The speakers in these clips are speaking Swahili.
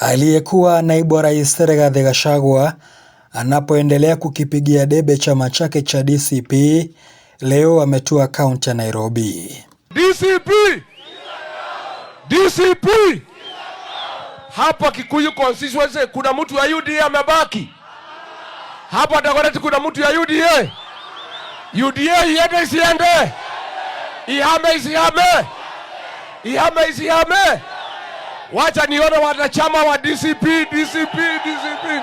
Aliyekuwa naibu wa rais Rigathi Gachagua anapoendelea kukipigia debe chama chake cha DCP leo ametua kaunti ya Nairobi. DCP, DCP hapa Kikuyu constituency kuna mtu ya UDA amebaki hapa Dagoretti, kuna mtu ya UDA. UDA iende isiende, ihame isihame, ihame isihame. Wacha nione wanachama wa DCP, DCP, DCP.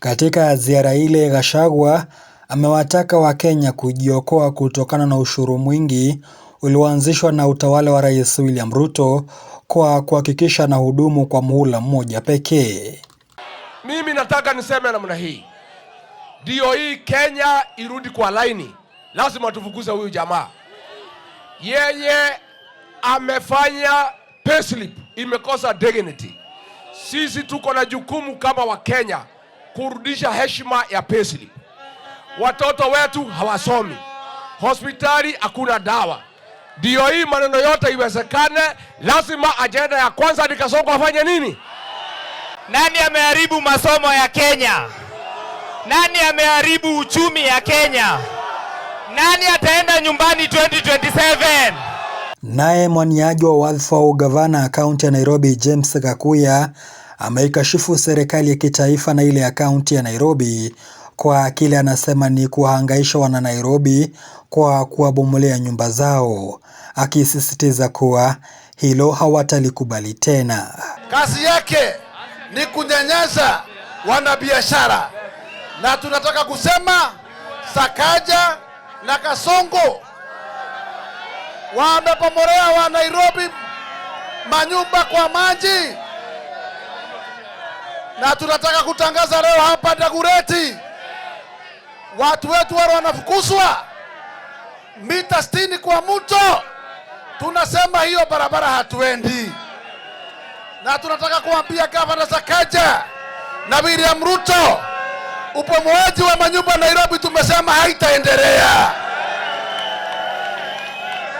Katika ziara ile Gachagua amewataka Wakenya kujiokoa kutokana na ushuru mwingi ulioanzishwa na utawala wa Rais William Ruto kwa kuhakikisha na hudumu kwa muhula mmoja pekee. Mimi nataka niseme namna hii, ndio hii Kenya irudi kwa laini, lazima tufukuze huyu jamaa, yeye amefanya payslip imekosa dignity. Sisi tuko na jukumu kama Wakenya kurudisha heshima ya Pesli. Watoto wetu hawasomi, hospitali hakuna dawa. Ndio hii maneno yote iwezekane, lazima ajenda ya kwanza nikasonga afanye nini? Nani ameharibu masomo ya Kenya? Nani ameharibu uchumi ya Kenya? Nani ataenda nyumbani 2027? Naye mwaniaji wa wadhifa wa ugavana kaunti ya Nairobi James Gakuya ameikashifu serikali ya kitaifa na ile ya kaunti ya Nairobi kwa kile anasema ni kuwahangaisha wana Nairobi kwa kuwabomolea nyumba zao, akisisitiza kuwa hilo hawatalikubali tena. Kazi yake ni kunyanyasa wanabiashara, na tunataka kusema Sakaja na Kasongo wamepomorea wa Nairobi manyumba kwa maji, na tunataka kutangaza leo hapa Dagureti watu wetu wale wanafukuzwa mita sitini kwa mto. Tunasema hiyo barabara hatuendi, na tunataka kuambia gavana Sakaja na William Ruto upomoaji wa manyumba Nairobi tumesema haitaendelea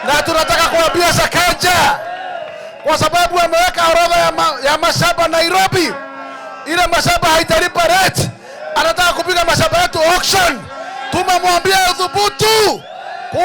na tunataka kuambia Sakaja, kwa sababu ameweka orodha ya, ma, ya mashamba Nairobi. Ile mashamba haitalipa rate, anataka kupiga mashamba yetu auction. Tumemwambia udhubutu.